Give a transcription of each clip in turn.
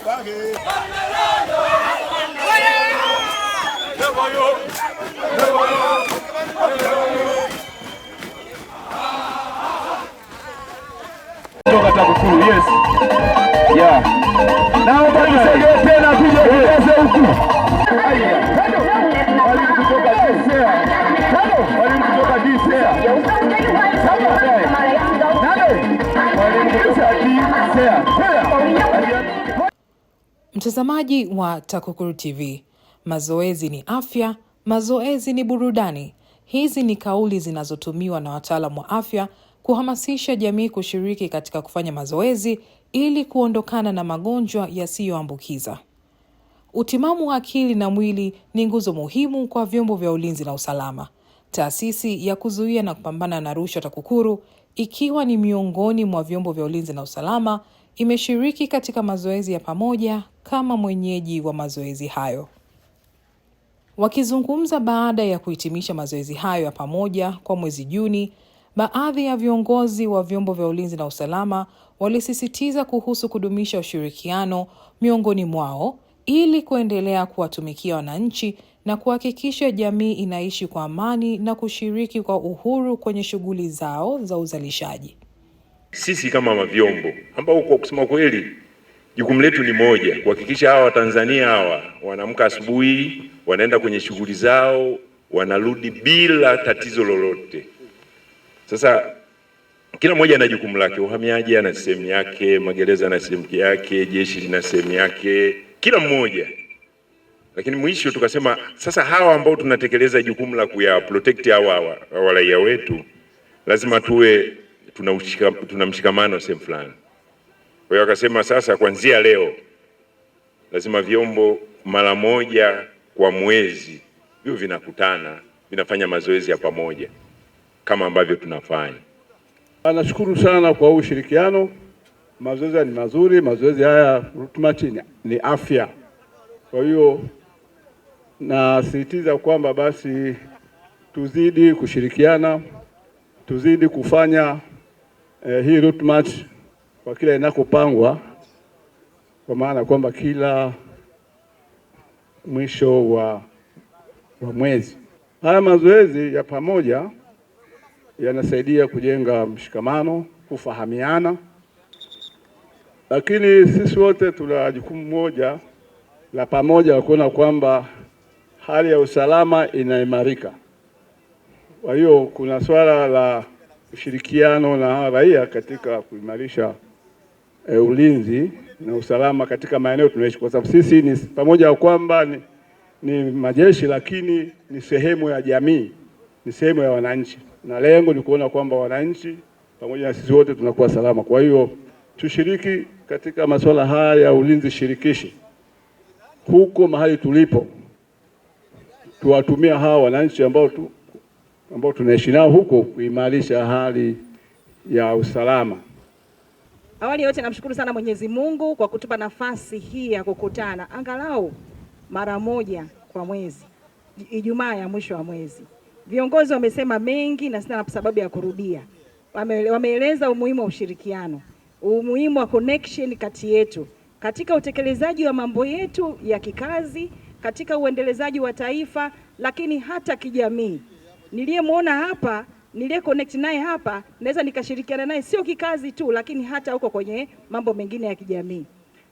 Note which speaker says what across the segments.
Speaker 1: Yes. Yeah. Naomba msogee tena kuja kujaze huku. Mwalimu kutoka DCEA. Mwalimu kutoka DCEA. Mwalimu kutoka DCEA. Mtazamaji wa TAKUKURU TV, mazoezi ni afya, mazoezi ni burudani. Hizi ni kauli zinazotumiwa na wataalamu wa afya kuhamasisha jamii kushiriki katika kufanya mazoezi ili kuondokana na magonjwa yasiyoambukiza. Utimamu wa akili na mwili ni nguzo muhimu kwa vyombo vya ulinzi na usalama. Taasisi ya kuzuia na kupambana na rushwa TAKUKURU ikiwa ni miongoni mwa vyombo vya ulinzi na usalama imeshiriki katika mazoezi ya pamoja kama mwenyeji wa mazoezi hayo. Wakizungumza baada ya kuhitimisha mazoezi hayo ya pamoja kwa mwezi Juni, baadhi ya viongozi wa vyombo vya ulinzi na usalama walisisitiza kuhusu kudumisha ushirikiano miongoni mwao ili kuendelea kuwatumikia wananchi na kuhakikisha jamii inaishi kwa amani na kushiriki kwa uhuru kwenye shughuli zao za uzalishaji.
Speaker 2: Sisi kama mavyombo ambao kwa kusema kweli jukumu letu ni moja, kuhakikisha hawa Watanzania hawa wanaamka asubuhi, wanaenda kwenye shughuli zao, wanarudi bila tatizo lolote. Sasa kila mmoja ana jukumu lake. Uhamiaji ana sehemu yake, magereza ana sehemu yake, jeshi lina sehemu yake, kila mmoja. Lakini mwisho tukasema sasa, hawa ambao tunatekeleza jukumu la kuya protect hawa hawa raia wetu, lazima tuwe tuna, tuna mshikamano sehemu fulani. Kwa hiyo akasema sasa, kuanzia leo lazima vyombo mara moja kwa mwezi hivyo vinakutana vinafanya mazoezi ya pamoja kama ambavyo tunafanya.
Speaker 3: Anashukuru sana kwa ushirikiano. Mazoezi ni mazuri, mazoezi haya ultimate ni afya. Kwa hiyo nasisitiza kwamba basi tuzidi kushirikiana, tuzidi kufanya eh, hii route march kwa kila inakopangwa, kwa maana kwamba kila mwisho wa, wa mwezi. Haya mazoezi ya pamoja yanasaidia kujenga mshikamano, kufahamiana, lakini sisi wote tuna jukumu moja la pamoja la kuona kwamba hali ya usalama inaimarika. Kwa hiyo kuna swala la ushirikiano na raia katika kuimarisha e, ulinzi na usalama katika maeneo tunaishi, kwa sababu sisi ni pamoja ya kwamba ni, ni majeshi lakini ni sehemu ya jamii, ni sehemu ya wananchi, na lengo ni kuona kwamba wananchi pamoja na sisi wote tunakuwa salama. Kwa hiyo tushiriki katika masuala haya ya ulinzi shirikishi huko mahali tulipo, tuwatumia hawa wananchi ambao tu ambao tunaishi nao huko kuimarisha hali ya usalama.
Speaker 4: Awali yote namshukuru sana Mwenyezi Mungu kwa kutupa nafasi hii ya kukutana angalau mara moja kwa mwezi, Ijumaa ya mwisho wa mwezi. Viongozi wamesema mengi na sina sababu ya kurudia. wameeleza umuhimu wa ushirikiano, umuhimu wa connection kati yetu katika utekelezaji wa mambo yetu ya kikazi, katika uendelezaji wa taifa, lakini hata kijamii niliyemwona hapa niliye connect naye hapa, naweza nikashirikiana naye sio kikazi tu, lakini hata huko kwenye mambo mengine ya kijamii.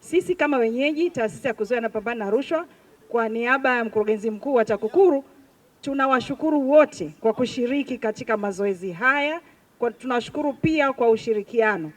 Speaker 4: Sisi kama wenyeji taasisi ya kuzuia na pambana na rushwa, kwa niaba ya mkurugenzi mkuu wa TAKUKURU tunawashukuru wote kwa kushiriki katika mazoezi haya kwa, tunawashukuru pia kwa ushirikiano.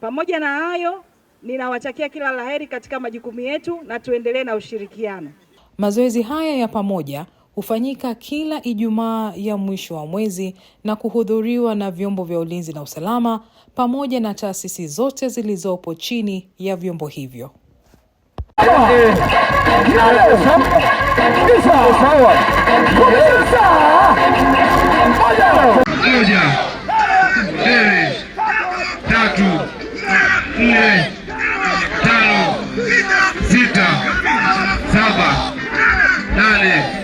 Speaker 4: Pamoja na hayo, ninawatakia kila laheri katika majukumu yetu na tuendelee na ushirikiano.
Speaker 1: Mazoezi haya ya pamoja hufanyika kila Ijumaa ya mwisho wa mwezi na kuhudhuriwa na vyombo vya ulinzi na usalama pamoja na taasisi zote zilizopo chini ya vyombo hivyo. nane